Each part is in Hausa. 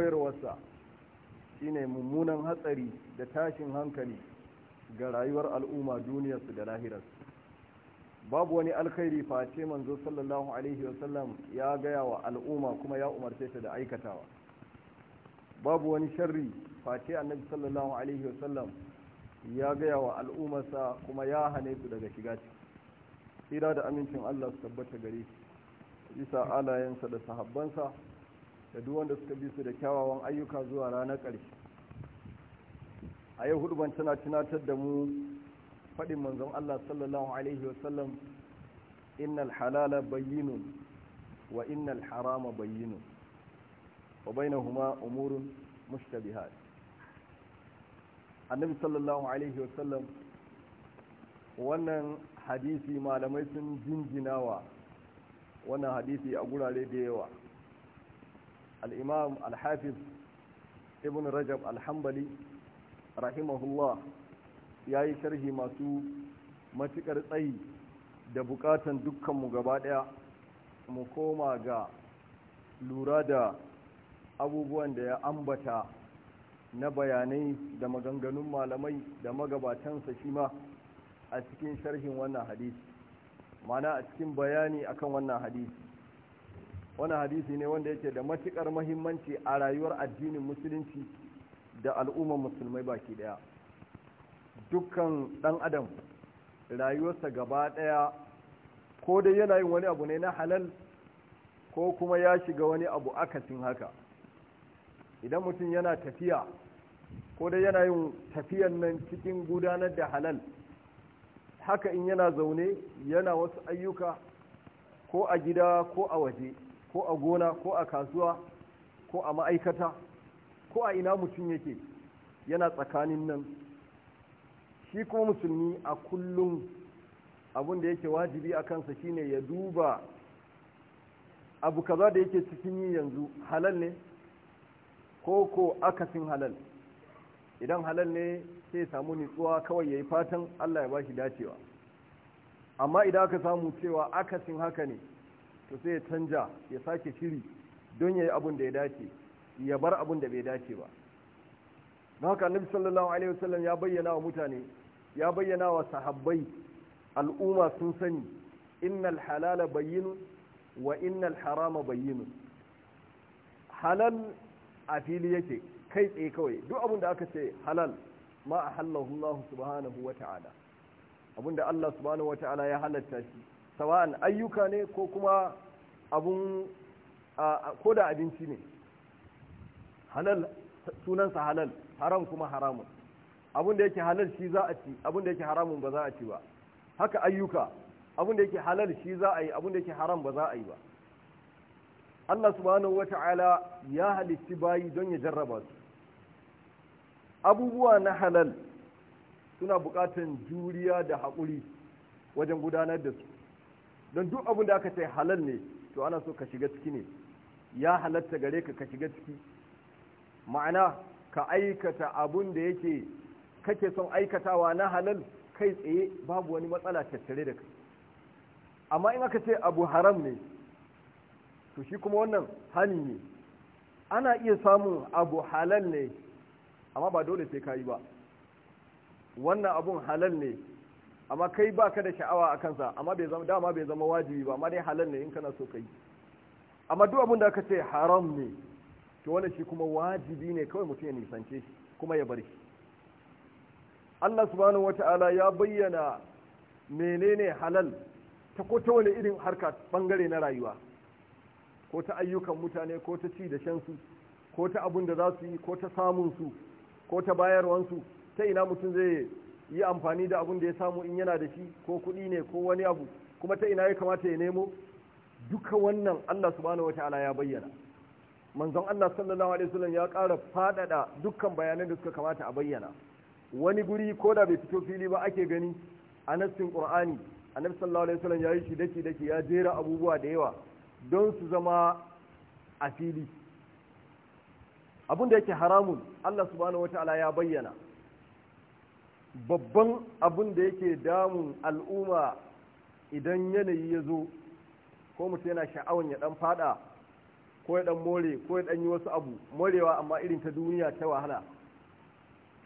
koyarwarsa shine mummunan hatsari da tashin hankali ga rayuwar al'umma duniyarsu da lahirarsu babu wani alkhairi face manzo sallallahu alaihi wasallam ya gaya wa al'umma kuma ya umarce ta da aikatawa babu wani sharri face annabi sallallahu alaihi wasallam ya gaya wa al'ummarsa kuma ya hane su daga shiga ciki da amincin Allah su tabbata gare shi bisa alayensa da sahabbansa da duk wanda suka bi su da kyawawan ayyuka zuwa ranar ƙarshe a yau huduban tana tunatar da mu faɗin manzon Allah sallallahu alaihi wasallam innal halala bayyinun wa innal harama bayyinun wa bainahuma umurun mushtabihat annabi sallallahu alaihi wasallam wannan hadisi malamai sun jinjinawa wannan hadisi a gurare da yawa al'imam al-hafiz ibn rajab al rahimahullah ya yi sharhi masu matuƙar tsayi da buƙatan dukkanmu gaba ɗaya mu koma ga lura da abubuwan da ya ambata na bayanai da maganganun malamai da magabatansa shi ma a cikin sharhin wannan hadisi mana a cikin bayani akan wannan hadisi wani hadisi ne wanda yake da matukar mahimmanci a rayuwar addinin musulunci da al'ummar musulmai baki daya dukkan ɗan adam rayuwarsa gaba ɗaya, ko dai yana yin wani abu ne na halal ko kuma ya shiga wani abu akasin haka idan mutum yana tafiya ko dai yana yin tafiyan nan cikin gudanar da halal haka in yana zaune yana wasu ayyuka ko a gida ko a waje ko a gona ko a kasuwa ko a ma'aikata ko a ina mutum yake yana tsakanin nan shi kuma musulmi a kullum abin da yake wajibi a kansa shine ya duba abu kaza da yake cikin yi yanzu halal ne ko ko akasin halal idan halal ne sai samu nitsuwa kawai ya yi fatan allah ya ba shi dacewa amma idan aka samu cewa akasin haka ne to sai ya canja ya sake shiri don ya yi abin da ya dace ya bar abin da bai dace ba don haka annabi sallallahu alaihi wasallam ya bayyana wa mutane ya bayyana wa sahabbai al'umma sun sani innal halala bayyinu wa innal harama bayyinu halal a fili yake kai tsaye kawai duk abin da aka ce halal ma a hallahu Allah subhanahu wa ta'ala abin da Allah subhanahu wa ta'ala ya halatta shi sawa'an ayyuka ne ko kuma abun ko da abinci ne halal sunansa halal haram kuma haramun abun da yake halal shi za a ci abun da yake haramun ba za a ci ba haka ayyuka abun da yake halal shi za a yi abun da yake haram ba za a yi ba Allah subhanahu wata'ala ya halitti bayi don ya jarraba su abubuwa na halal suna buƙatan juriya da haƙuri wajen gudanar da su don duk abin da aka ce halal ne to ana so ka shiga ciki ne ya halatta gare ka ka shiga ciki ma'ana ka aikata abun da yake kake son aikatawa na halal kai tsaye babu wani matsala tattare da kai amma in aka ce abu haram ne to shi kuma wannan hali ne ana iya samun abu halal ne amma ba dole sai ka yi ba wannan abun halal ne amma kai ba ka da sha'awa a kansa amma dama bai zama wajibi ba amma dai halal ne in kana so kai amma duk abin da aka ce haram ne to wannan shi kuma wajibi ne kawai mutum ya nisance shi kuma ya bar shi Allah subhanahu wata'ala ya bayyana menene halal ta ko ta wani irin harka bangare na rayuwa ko ta ayyukan mutane ko ta ci da shansu ko ta abun da za su yi ko ta su ko ta bayarwansu ta ina mutum zai yi amfani da abun da ya samu in yana da shi ko kuɗi ne ko wani abu kuma ta ina ya kamata ya nemo duka wannan Allah subhanahu wataala ya bayyana manzon Allah sallallahu alaihi wasallam ya ƙara faɗaɗa dukkan bayanan da suka kamata a bayyana wani guri ko da bai fito fili ba ake gani a nassin Qur'ani annabi sallallahu alaihi wasallam ya yi shi daki daki ya jera abubuwa da yawa don su zama a fili abin da yake haramun Allah subhanahu wataala ya bayyana babban abin da yake damun al'umma idan yanayi ya zo ko mutum yana sha'awan ya dan fada ko ya dan more ko ya dan yi wasu abu morewa amma irin ta duniya ta wahala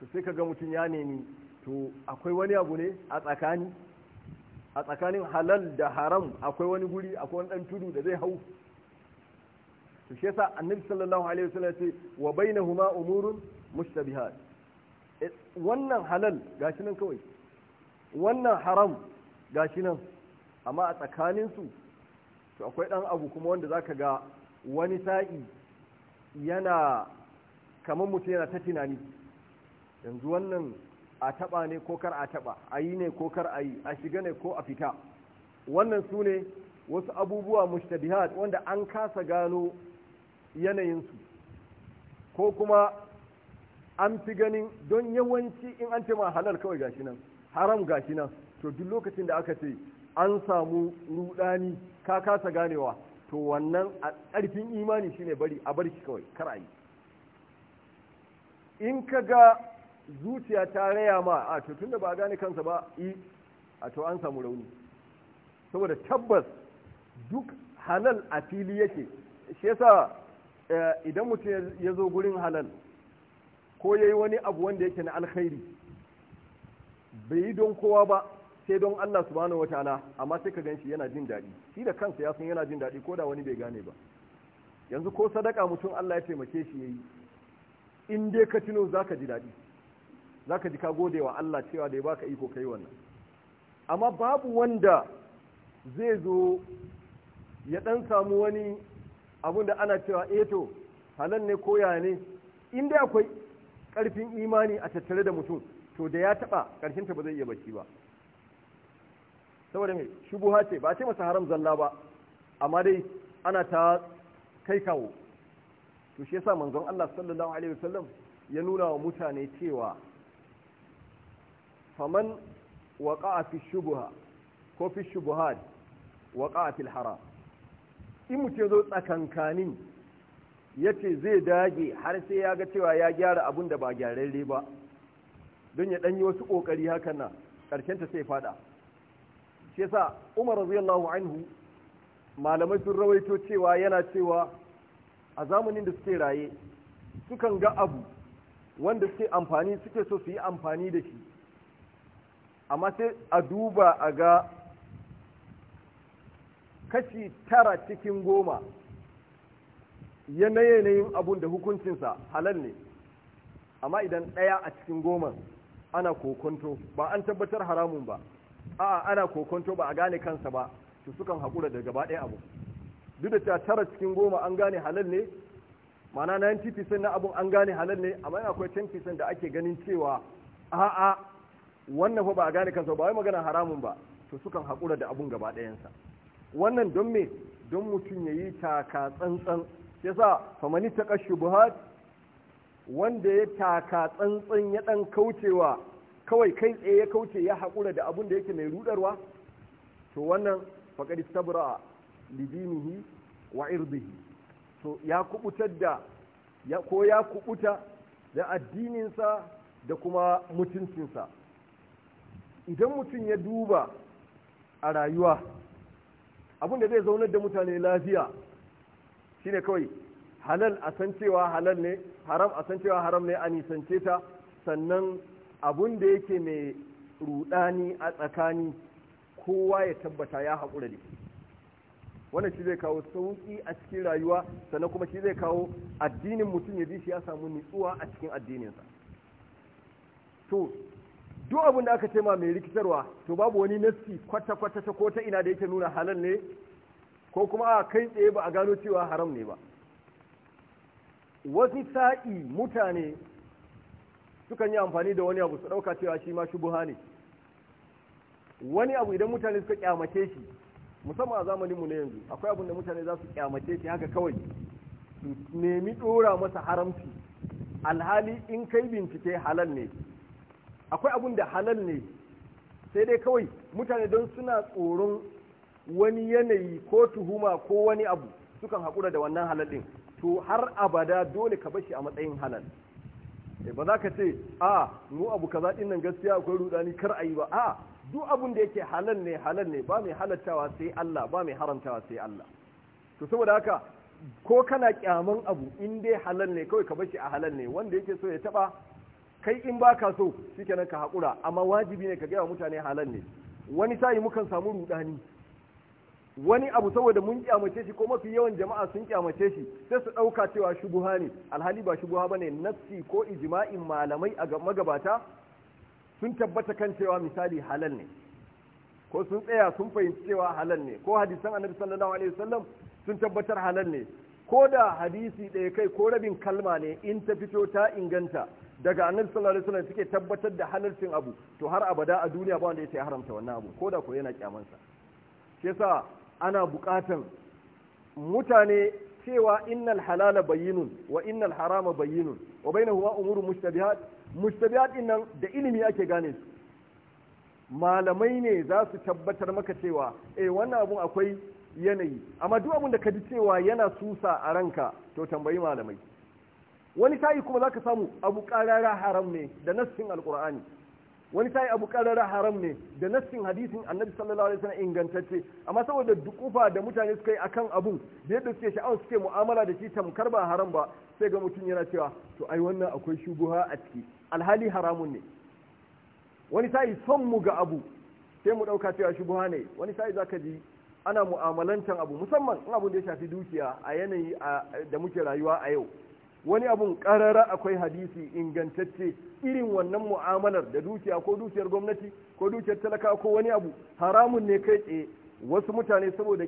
to sai ga mutum ya nemi to akwai wani abu ne a tsakani a tsakanin halal da haram akwai wani guri akwai wani dan tudu da zai hau to shi yasa annabi sallallahu alaihi wasallam ya ce wa bainahuma umurun mushtabihat Eh, wannan halal gashi nan kawai wannan haram gashi nan amma a tsakaninsu to akwai ɗan abu kuma wanda zaka ga wani sa'i yana kamar mutum yana ta tunani yanzu wannan a taɓa ne ko kar a taɓa a yi ne ko kar a yi a shiga ne ko a fita wannan sune wasu abubuwa mushtabihat wanda an kasa gano yanayinsu ko kuma an fi ganin don yawanci in an ce ma halal kawai gashi nan haram gashi nan to duk lokacin da aka ce an samu rudani ka kasa ganewa to wannan a ƙarfin imani shine bari a bar shi kawai kar a yi in ka ga zuciya ta raya ma a to tunda ba a gane kansa ba yi a to an samu rauni saboda tabbas duk halal a fili yake shi yasa eh, idan mutum ya zo gurin halal ko ya yi wani abu wanda yake na alkhairi bai yi don kowa ba sai don Allah subhanahu wa ta'ala amma sai ka gan shi yana jin daɗi shi da kansa ya san yana jin daɗi ko da wani bai gane ba yanzu ko sadaka mutum Allah ya taimake shi ya yi in dai ka tuno za ka ji daɗi za ka ji ka gode wa Allah cewa da ya baka iko kai wannan amma babu wanda zai zo ya ɗan samu wani abun da ana cewa eto eh halan ne ko ya ne in dai akwai ƙarfin imani a tattare da mutum to da ya taɓa ƙarshen ta ba zai iya bacci ba saboda mai shubu ce ba ce masa haram zalla ba amma dai ana ta kai kawo to shi yasa manzon Allah sallallahu alaihi wasallam ya nuna wa mutane cewa faman waqa'a fi shubha ko fi shubuhat waqa'a fil haram in mutum zo tsakankanin ya ce zai dage har sai ya ga cewa ya gyara abun da ba gyararre ba don ya ɗanyi wasu ƙoƙari hakan na ta sai fada shi yasa umar radiyallahu anhu malamai sun rawaito cewa yana cewa a zamanin da suke raye sukan ga abu wanda suke amfani suke so su yi amfani da shi amma sai a duba a ga kashi tara cikin goma yanayin abun da hukuncinsa halal ne amma idan ɗaya a cikin goma ana kokonto ba an tabbatar haramun ba a ana kokonto ba a gane kansa ba su sukan haƙura da gaba ɗaya abu duk da cewa tara cikin goma an gane halal ne mana 90% na abun an gane halal ne amma akwai 10% da ake ganin cewa a'a wannan fa ba a gane kansa ba wai magana haramun ba to sukan haƙura da abun gaba ɗayansa wannan don me don mutum ya yi taka tsantsan shi yasa famani ta taqa buhat wanda ya taka tsantsan ya dan kaucewa kawai kai tsaye ya kauce ya haƙura da abun da yake mai rudarwa to wannan faqad istabra libinihi wa irdihi to ya kubutar da ya ko ya kubuta da addininsa da kuma mutuncinsa idan mutum ya duba a rayuwa abin da zai zaunar da mutane lafiya shine kawai halal a san cewa halal ne haram a san cewa haram ne a nisance ta sannan abun da yake mai rudani a tsakani kowa ya tabbata ya haƙura da wannan shi zai kawo sauƙi a cikin rayuwa sannan kuma shi zai kawo addinin mutum ya ji shi ya samu nutsuwa a cikin addininsa to duk abin da aka ce ma mai rikitarwa to babu wani naski kwata-kwata ta ko ta ina da yake nuna halal ne ko kuma a kai tsaye ba a gano cewa haram ne ba wasu sa'i mutane sukan yi amfani da wani abu su ɗauka cewa shi ma shubuha ne wani abu idan mutane suka kyamace shi musamman a zamaninmu na yanzu akwai abin da mutane za su kyamace shi haka kawai su nemi ɗora masa haramci alhali in kai bincike halal ne akwai abin da halal ne sai dai kawai mutane don suna tsoron wani yanayi ko tuhuma ko wani abu sukan haƙura da wannan halal ɗin to har abada dole ka bashi a matsayin halal eh, ba za ka ce a mu abu kaza ɗin nan gaskiya akwai rudani kar a yi ba a duk abun da yake halal ne halal ne ba mai halattawa sai Allah ba mai haramtawa sai Allah to saboda haka ko kana kyaman abu in dai halal ne kawai ka bashi a halal ne wanda yake so ya taba kai in baka so shikenan ka haƙura amma wajibi ne ka gaya mutane halal ne wani sa'i mukan samu rudani wani abu saboda mun kyamace shi ko mafi yawan jama'a sun kyamace shi sai su ɗauka cewa shubuha ne alhali ba shubuha bane nassi ko ijma'in malamai a magabata sun tabbata kan cewa misali halal ne ko sun tsaya sun fahimci cewa halal ne ko hadisan annabi sallallahu alaihi wasallam sun tabbatar halal ne ko da hadisi ɗaya kai ko rabin kalma ne in ta fito ta inganta daga annabi sallallahu alaihi wasallam suke tabbatar da halalcin abu to har abada a duniya ba wanda ya haramta wannan abu ko da ko yana kyamansa shi yasa ana buƙatan mutane cewa innal halala bayyinun wa innal harama bayyinun wa bainahuma umuru mushtabihat mushtabihat din da ilimi ake gane su malamai ne za su tabbatar maka cewa eh wannan abun akwai yanayi amma duk abun da ka ji cewa yana susa a ranka to tambayi malamai wani sai kuma zaka samu abu qarara haram ne da nassin alqur'ani wani sai abu karara haram ne da nassin hadisin annabi sallallahu alaihi wasallam ingantacce amma saboda dukufa da mutane suka yi akan abu da yadda suke sha'awar suke mu'amala da shi tamkar ba haram ba sai ga mutum yana cewa to ai wannan akwai shubuha a ciki alhali haramun ne wani sai son mu ga abu sai mu dauka cewa shubuha ne wani sai zaka ji ana mu'amalantan abu musamman in abun da ya shafi dukiya a yanayi da muke rayuwa a yau wani abun karara akwai hadisi ingantacce irin wannan mu'amalar da dukiya ko dukiyar gwamnati ko dukiyar talaka ko wani abu haramun ne kai tsaye wasu mutane saboda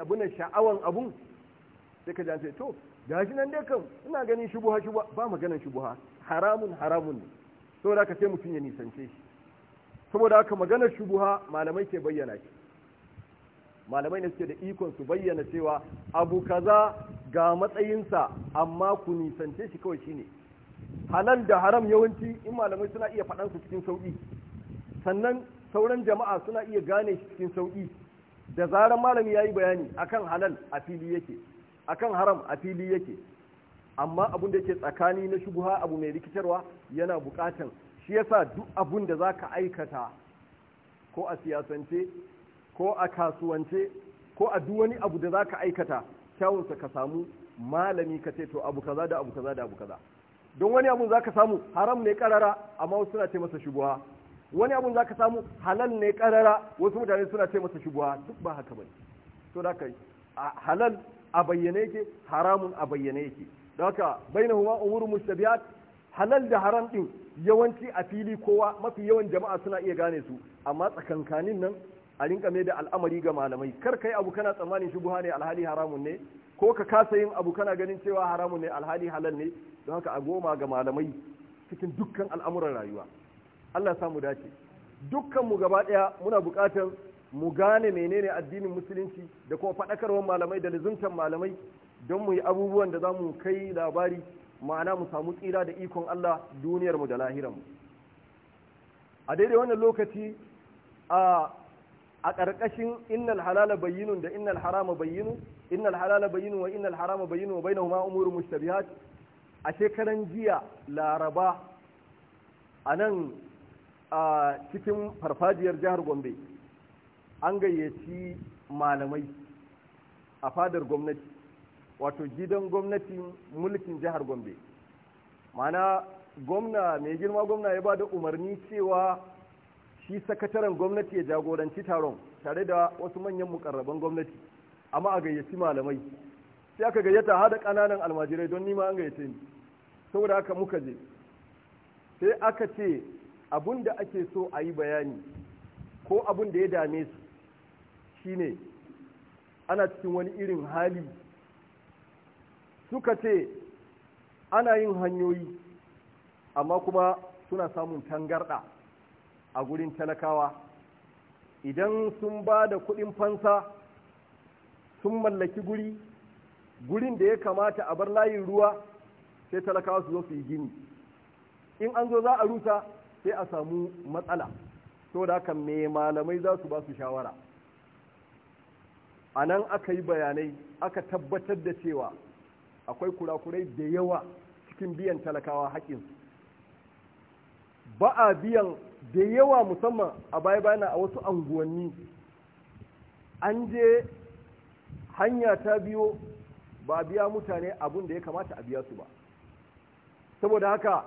abuna sha'awan abun sai ka jance to gashi nan dai kan ina ganin shubuha shubuha ba maganan shubuha haramun haramun ne saboda ka sai mutum ya nisance shi saboda haka maganar shubuha malamai ke bayyana shi malamai ne suke da ikon su bayyana cewa abu kaza ga matsayinsa amma ku nisance shi kawai shine halal da haram yawanci in malamai suna iya faɗan su cikin sauƙi sannan sauran jama'a suna iya gane shi cikin sauƙi da zarar malami ya yi bayani akan halal a fili yake akan haram a fili yake amma abun da yake tsakani na shubuha abu mai rikitarwa yana bukatan shi yasa duk abun da zaka aikata ko a siyasance ko a kasuwance ko a duk wani abu da zaka aikata kyawunsa ka samu malami ka ce to abu kaza da abu kaza da abu kaza don wani abun zaka samu haram ne karara amma wasu suna ce masa shubuwa wani abun zaka samu halal ne karara wasu mutane suna ce masa shubuwa duk ba haka bane to da kai halal a bayyane yake haramun a bayyane yake don haka bainahuma umurun mustabihat halal da haram din yawanci a fili kowa mafi yawan jama'a suna iya gane su amma tsakankanin nan a rinka mai da al'amari ga malamai kar kai abu kana tsammanin shi ne alhali haramun ne ko ka kasa yin abu kana ganin cewa haramun ne alhali halal ne don haka a goma ga malamai cikin dukkan al'amuran rayuwa Allah ya samu dace dukkan mu gaba daya muna buƙatar mu gane menene addinin musulunci da kuma faɗakarwar malamai da lizuntan malamai don mu yi abubuwan da zamu kai labari ma'ana mu samu tsira da ikon Allah duniyarmu da mu a daidai wannan lokaci a a ƙarƙashin innal halala bayyinun da innal harama bayyinu innal halala bayyinu wa innal harama bayyinu wa ma umurun mushtabihat a shekaran jiya laraba a nan a cikin farfajiyar jihar gombe an gayyaci malamai a fadar gwamnati wato gidan gwamnatin mulkin jihar gombe mana gwamna mai girma gwamna ya ba da umarni cewa shi sakataren gwamnati ya jagoranci taron tare da wasu manyan mukarraban gwamnati amma a gayyaci malamai sai aka gayyata har da ƙananan almajirai don nima an gayyace ni saboda haka muka je sai aka ce abun da ake so a yi bayani ko abun da ya dame su shine ana cikin wani irin hali suka ce ana yin hanyoyi amma kuma suna samun tangarɗa a gurin talakawa idan sun ba da kuɗin fansa sun mallaki guri gurin da ya kamata a bar layin ruwa sai talakawa su zo su yi gini in an zo za a rusa sai a samu matsala to da haka me malamai za su ba su shawara a nan aka yi bayanai aka tabbatar da cewa akwai kurakurai da yawa cikin biyan talakawa haƙƙinsu ba a biyan da yawa musamman a baya bana a wasu anguwanni an je hanya ta biyo ba a biya mutane abun da ya kamata a biya su ba saboda haka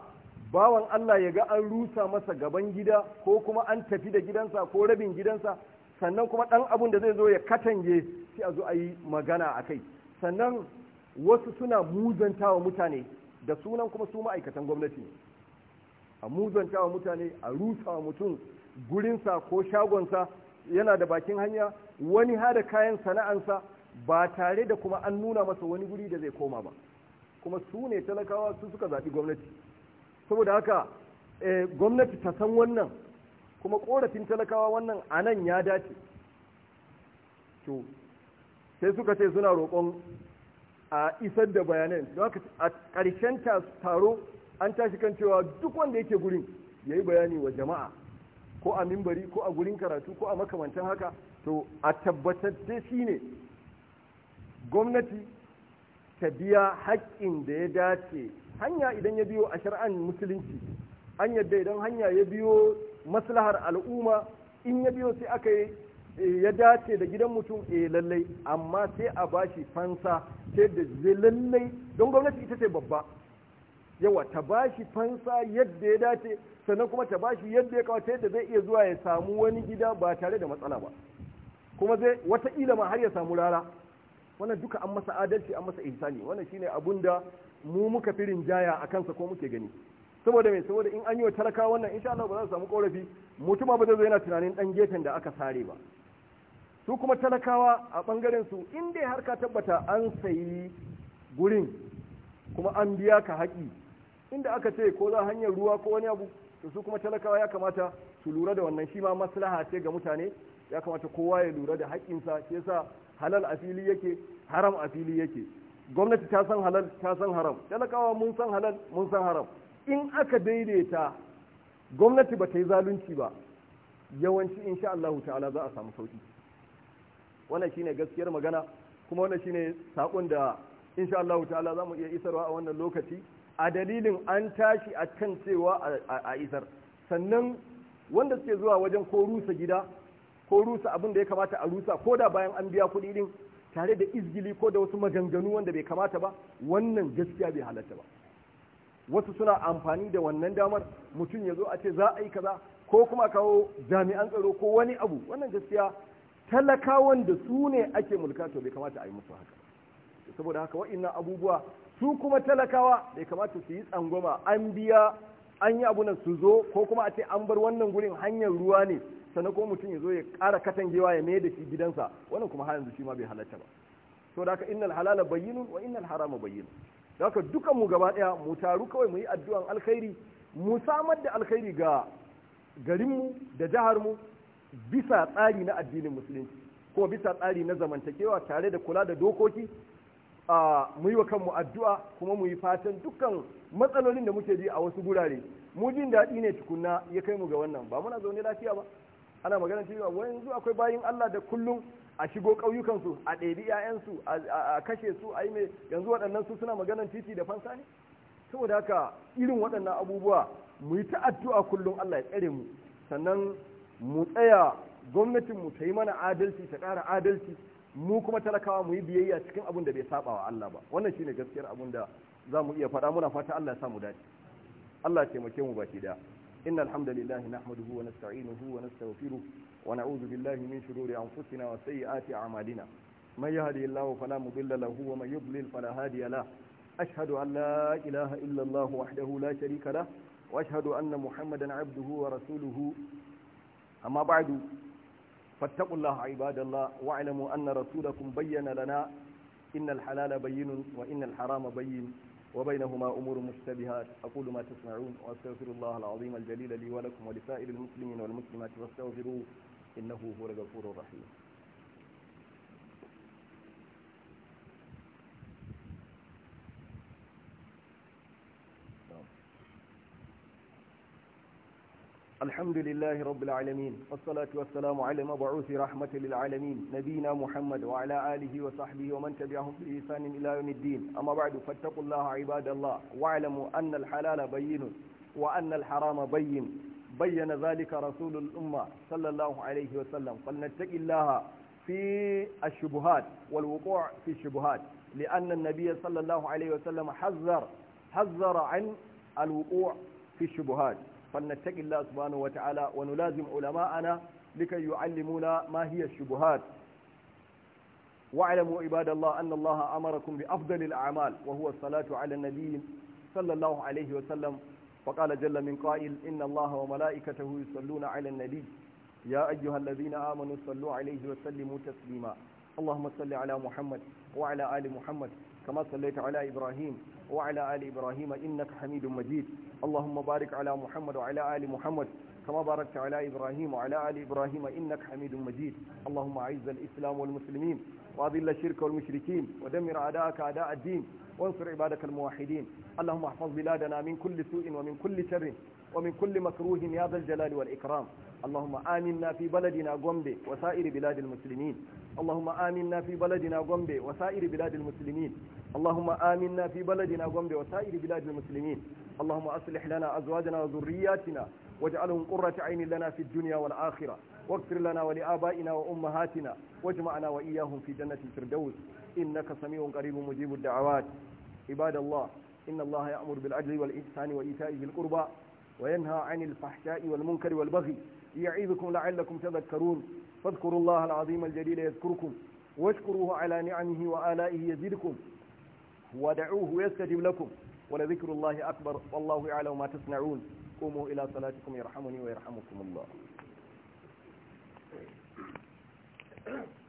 bawan Allah ya ga an rusa masa gaban gida ko kuma an tafi da gidansa ko rabin gidansa sannan kuma ɗan abun da zai zo ya katange sai a zo a yi magana a kai sannan wasu suna muzantawa mutane da sunan kuma su ma'aikatan gwamnati a muzanta wa mutane a rusa mutum gurinsa ko shagonsa yana da bakin hanya wani hada kayan sana'ansa ba tare da kuma an nuna masa wani guri da zai koma ba kuma su ne talakawa su suka zaɓi gwamnati saboda haka eh, gwamnati ta san wannan kuma korafin talakawa wannan a nan ya dace to sai suka ce suna roƙon a isar da bayanan a ƙarshen taro an tashi kan cewa duk wanda yake gurin ya yi bayani wa jama'a ko a mimbari ko a gurin karatu ko a makamantan haka to a tabbatar da shi ne gwamnati ta biya haƙƙin da ya dace hanya idan ya biyo a shari'an musulunci an yadda idan hanya ya biyo maslahar al'umma in ya biyo sai aka yi ya dace da gidan mutum e lallai amma sai a bashi fansa sai da lallai don gwamnati ita ce babba yawa ta bashi fansa yadda ya dace sannan kuma ta bashi yadda ya kawata yadda zai iya zuwa ya samu wani gida ba tare da matsala ba kuma zai wataƙila ma har ya samu rara wannan duka an masa adalci an masa ihsani wannan shine abun da mu muka firin jaya a kansa ko muke gani saboda mai saboda in an yi wa talaka wannan insha Allah ba za su samu korafi mutuma ba zai zo yana tunanin dan gefen da aka sare ba su kuma talakawa a bangaren su in dai har ka tabbata an sayi gurin kuma an biya ka haƙi inda aka ce ko za hanyar ruwa ko wani abu to su kuma talakawa ya kamata su lura da wannan shi ma maslaha ce ga mutane ya kamata kowa ya lura da haƙƙinsa shi yasa halal a fili yake haram a fili yake gwamnati ta san halal ta san haram talakawa mun san halal mun san haram in aka daidaita gwamnati ba ta yi zalunci ba yawanci insha Allah ta'ala za a samu sauki wannan shine gaskiyar magana kuma wannan shine sakon da insha Allah ta'ala za mu iya isarwa a wannan lokaci a dalilin an tashi a kan cewa a isar sannan wanda suke zuwa wajen ko rusa gida ko rusa abin da ya kamata a rusa ko da bayan an biya kuɗi din tare da izgili ko da wasu maganganu wanda bai kamata ba wannan gaskiya bai halatta ba wasu suna amfani da wannan damar mutum ya zo a ce za a yi kaza ko kuma kawo jami'an tsaro ko wani abu wannan gaskiya talakawan da su ne ake mulka to bai kamata a yi musu haka saboda haka wa'annan abubuwa su kuma talakawa bai kamata su yi tsangwama an biya an yi abu su zo ko kuma a ce an bar wannan gurin hanyar ruwa ne sannan kuma mutum ya zo ya ƙara katangewa ya mai da shi gidansa wannan kuma har yanzu shi ma bai halatta ba to da haka innal halala bayyinun wa innal harama bayyinun da haka dukan mu gaba daya mu taru kawai mu yi addu'an alkhairi mu samar da alkhairi ga garinmu da mu bisa tsari na addinin musulunci ko bisa tsari na zamantakewa tare da kula da dokoki mu yi wa kanmu addu'a kuma mu yi fatan dukkan matsalolin da muke ji a wasu gurare mu jin daɗi ne tukunna ya kai mu ga wannan ba muna zaune lafiya ba ana magana cewa yanzu akwai bayin Allah da kullum a shigo ƙauyukansu a ɗebi 'ya'yansu a kashe su a yi mai yanzu waɗannan su suna maganan titi da fansa ne saboda haka irin waɗannan abubuwa mu yi ta addu'a kullum Allah ya tsare mu sannan mu tsaya gwamnatinmu ta yi mana adalci ta ƙara adalci mu kuma talakawa mu yi biyayya cikin abun da bai saba wa Allah ba wannan shine gaskiyar abin da mu iya fada muna fata Allah ya sa mu dace Allah ya taimake mu baki da innal hamdalillahi nahmaduhu wa nasta'inuhu wa nastaghfiruh wa na'udhu billahi min shururi anfusina wa sayyiati a'malina man yahdihillahu fala mudilla lahu wa man yudlil fala hadiya la ashhadu an la ilaha illa Allah wahdahu la sharika la wa ashhadu anna muhammadan 'abduhu wa rasuluhu amma ba'du فاتقوا الله عباد الله واعلموا أن رسولكم بين لنا إن الحلال بين وإن الحرام بين وبينهما أمور مشتبهات أقول ما تسمعون وأستغفر الله العظيم الجليل لي ولكم ولسائر المسلمين والمسلمات واستغفروه إنه هو الغفور الرحيم الحمد لله رب العالمين والصلاة والسلام على مبعوث رحمة للعالمين نبينا محمد وعلى آله وصحبه ومن تبعهم بإحسان إلى يوم الدين أما بعد فاتقوا الله عباد الله واعلموا أن الحلال بين وأن الحرام بين بين ذلك رسول الأمة صلى الله عليه وسلم فلنتق الله في الشبهات والوقوع في الشبهات لأن النبي صلى الله عليه وسلم حذر حذر عن الوقوع في الشبهات فلنتقي الله سبحانه وتعالى ونلازم علماءنا لكي يعلمونا ما هي الشبهات واعلموا عباد الله أن الله أمركم بأفضل الأعمال وهو الصلاة على النبي صلى الله عليه وسلم فقال جل من قائل إن الله وملائكته يصلون على النبي يا أيها الذين آمنوا صلوا عليه وسلموا تسليما اللهم صل على محمد وعلى آل محمد كما صليت على إبراهيم وعلى آل إبراهيم إنك حميد مجيد اللهم بارك على محمد وعلى آل محمد كما باركت على إبراهيم وعلى آل إبراهيم إنك حميد مجيد اللهم أعز الإسلام والمسلمين وأذل الشرك والمشركين ودمر أعداءك أعداء الدين وانصر عبادك الموحدين اللهم احفظ بلادنا من كل سوء ومن كل شر ومن كل مكروه يا ذا الجلال والإكرام اللهم آمنا في بلدنا غومبي وسائر بلاد المسلمين اللهم آمنا في بلدنا غومبي وسائر بلاد المسلمين اللهم آمنا في بلدنا غومبي وسائر بلاد المسلمين اللهم أصلح لنا أزواجنا وذرياتنا واجعلهم قرة عين لنا في الدنيا والآخرة واغفر لنا ولآبائنا وأمهاتنا واجمعنا وإياهم في جنة الفردوس إنك سميع قريب مجيب الدعوات عباد الله إن الله يأمر بالعدل والإحسان وإيتاء ذي القربى وينهى عن الفحشاء والمنكر والبغي يعيذكم لعلكم تذكرون فاذكروا الله العظيم الجليل يذكركم واشكروه على نعمه وآلائه يزيدكم ودعوه يستجب لكم ولذكر الله أكبر والله يعلم ما تصنعون قوموا إلى صلاتكم يرحمني ويرحمكم الله